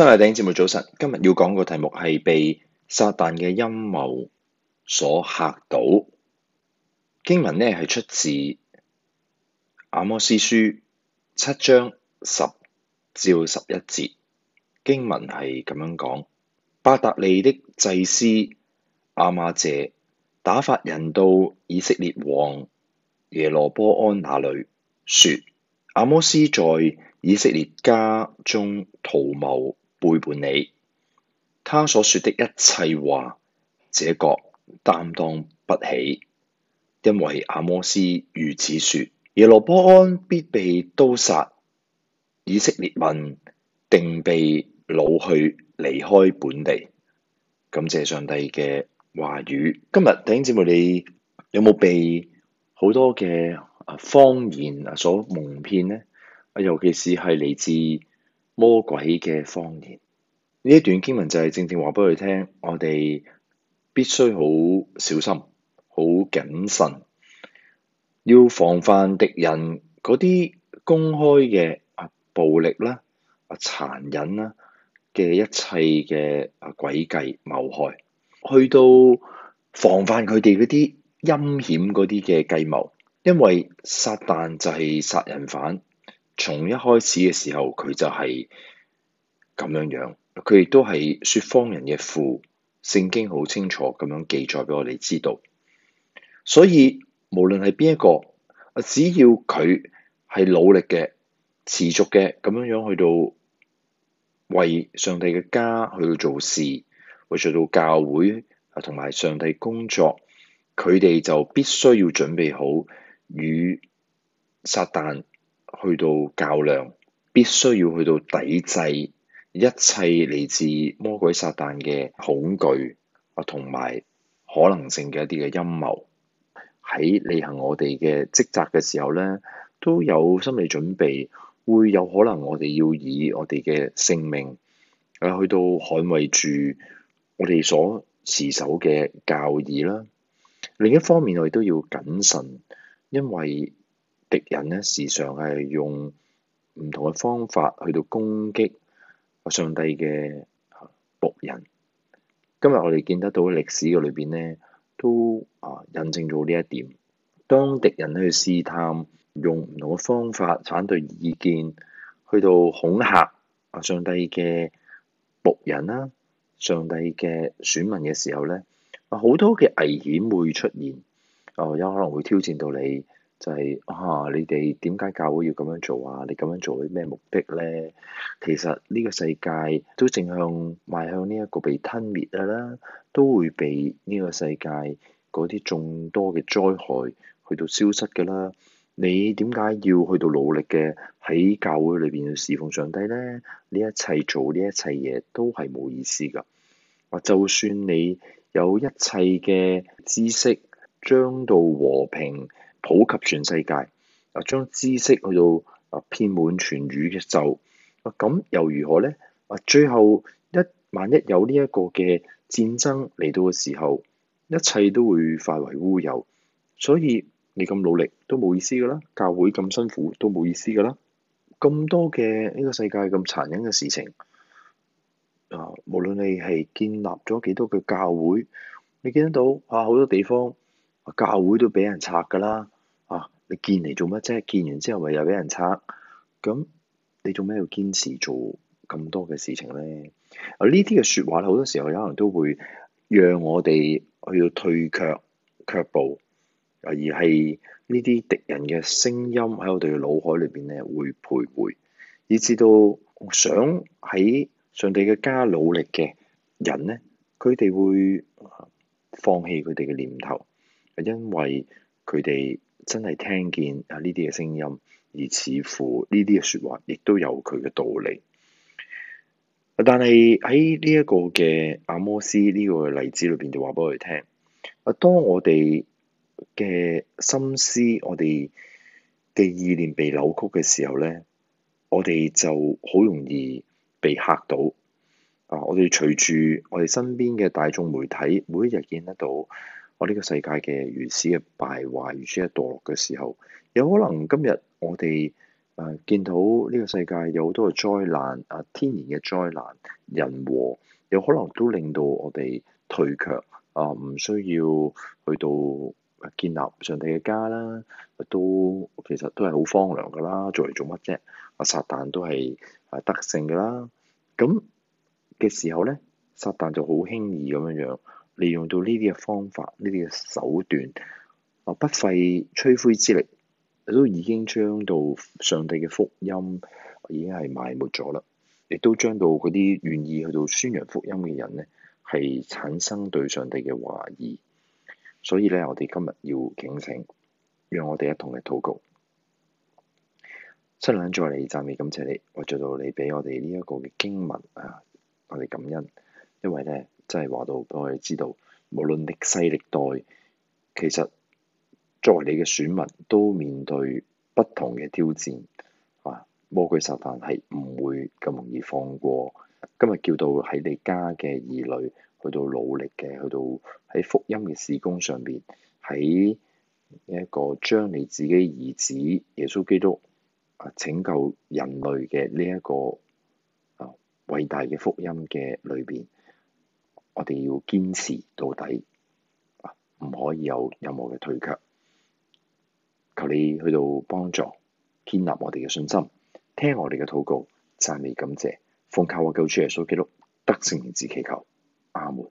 新亞電影節目早晨，今日要講個題目係被撒旦嘅陰謀所吓到。經文呢係出自阿摩司書七章十至十一節。經文係咁樣講：伯特利的祭司阿瑪謝打發人到以色列王耶羅波安那裏，說阿摩司在以色列家中圖謀。背叛你，他所說的一切話，這國擔當不起，因為阿摩司如此說，耶羅波安必被刀殺，以色列民，定被擄去離開本地。感謝上帝嘅話語，今日弟兄姊妹，你有冇被好多嘅謊言所蒙騙呢？尤其是係嚟自魔鬼嘅方言，呢一段經文就係正正話俾佢聽，我哋必須好小心、好謹慎，要防範敵人嗰啲公開嘅啊暴力啦、啊殘忍啦嘅一切嘅啊詭計謀害，去到防範佢哋嗰啲陰險嗰啲嘅計謀，因為撒旦就係殺人犯。從一開始嘅時候，佢就係咁樣樣。佢亦都係説謊人嘅父，聖經好清楚咁樣記載俾我哋知道。所以無論係邊一個，只要佢係努力嘅、持續嘅咁樣樣去到為上帝嘅家去到做事，或做到教會同埋上帝工作，佢哋就必須要準備好與撒旦，去到較量，必須要去到抵制一切嚟自魔鬼撒旦嘅恐懼啊，同埋可能性嘅一啲嘅陰謀。喺履行我哋嘅職責嘅時候咧，都有心理準備，會有可能我哋要以我哋嘅性命啊去到捍衛住我哋所持守嘅教義啦。另一方面，我哋都要謹慎，因為。敵人呢時常係用唔同嘅方法去到攻擊上帝嘅僕人。今日我哋見得到歷史嘅裏邊呢，都啊印證咗呢一點。當敵人去試探，用唔同嘅方法反對意見，去到恐嚇啊上帝嘅僕人啦，上帝嘅選民嘅時候呢，好多嘅危險會出現，啊有可能會挑戰到你。就係、是、嚇、啊！你哋點解教會要咁樣做啊？你咁樣做啲咩目的呢？其實呢個世界都正向邁向呢一個被吞滅嘅啦，都會被呢個世界嗰啲眾多嘅災害去到消失嘅啦。你點解要去到努力嘅喺教會裏邊去侍奉上帝呢？呢一切做呢一切嘢都係冇意思㗎。或就算你有一切嘅知識，將到和平，普及全世界，啊，將知識去到啊，遍滿全宇宙，啊，咁又如何咧？啊，最後一萬一有呢一個嘅戰爭嚟到嘅時候，一切都會化為烏有。所以你咁努力都冇意思㗎啦，教會咁辛苦都冇意思㗎啦。咁多嘅呢個世界咁殘忍嘅事情，啊，無論你係建立咗幾多個教會，你見得到啊，好多地方。教會都俾人拆噶啦，啊！你建嚟做乜啫？建完之後，咪又俾人拆，咁你做咩要堅持做咁多嘅事情咧？啊！呢啲嘅說話好多時候有可能都會讓我哋去到退卻、卻步，而係呢啲敵人嘅聲音喺我哋嘅腦海裏邊咧，會徘徊，以至到想喺上帝嘅家努力嘅人咧，佢哋會放棄佢哋嘅念頭。因為佢哋真係聽見啊呢啲嘅聲音，而似乎呢啲嘅說話亦都有佢嘅道理。但係喺呢一個嘅阿摩司呢個例子裏邊，就話俾我哋聽：當我哋嘅心思、我哋嘅意念被扭曲嘅時候呢，我哋就好容易被嚇到。啊！我哋隨住我哋身邊嘅大眾媒體，每一日見得到。我呢個世界嘅如此嘅敗壞、如此嘅墮落嘅時候，有可能今日我哋啊、呃、見到呢個世界有好多嘅災難啊，天然嘅災難、人禍，有可能都令到我哋退卻啊，唔、呃、需要去到建立上帝嘅家啦，都其實都係好荒涼㗎啦，做嚟做乜啫？啊，撒旦都係啊得勝㗎啦，咁嘅時候咧，撒旦就好輕易咁樣樣，利用到呢啲嘅方法，呢啲嘅手段，啊不費吹灰之力，都已經將到上帝嘅福音已經係埋沒咗啦，亦都將到嗰啲願意去到宣揚福音嘅人咧，係產生對上帝嘅懷疑。所以咧，我哋今日要警醒，讓我哋一同嚟禱告。親鄰再嚟讚美感謝你，我做到你俾我哋呢一個嘅經文啊，我哋感恩，因為咧。即係話到，我哋知道，無論歷世歷代，其實作為你嘅選民，都面對不同嘅挑戰。啊，魔鬼實在係唔會咁容易放過。今日叫到喺你家嘅兒女去到努力嘅，去到喺福音嘅事工上邊，喺一個將你自己兒子耶穌基督啊拯救人類嘅呢一個啊偉大嘅福音嘅裏邊。我哋要堅持到底，唔可以有任何嘅退卻。求你去到幫助，建立我哋嘅信心，聽我哋嘅禱告，讚美感謝，奉靠我救主耶穌基督得勝名字祈求，阿門。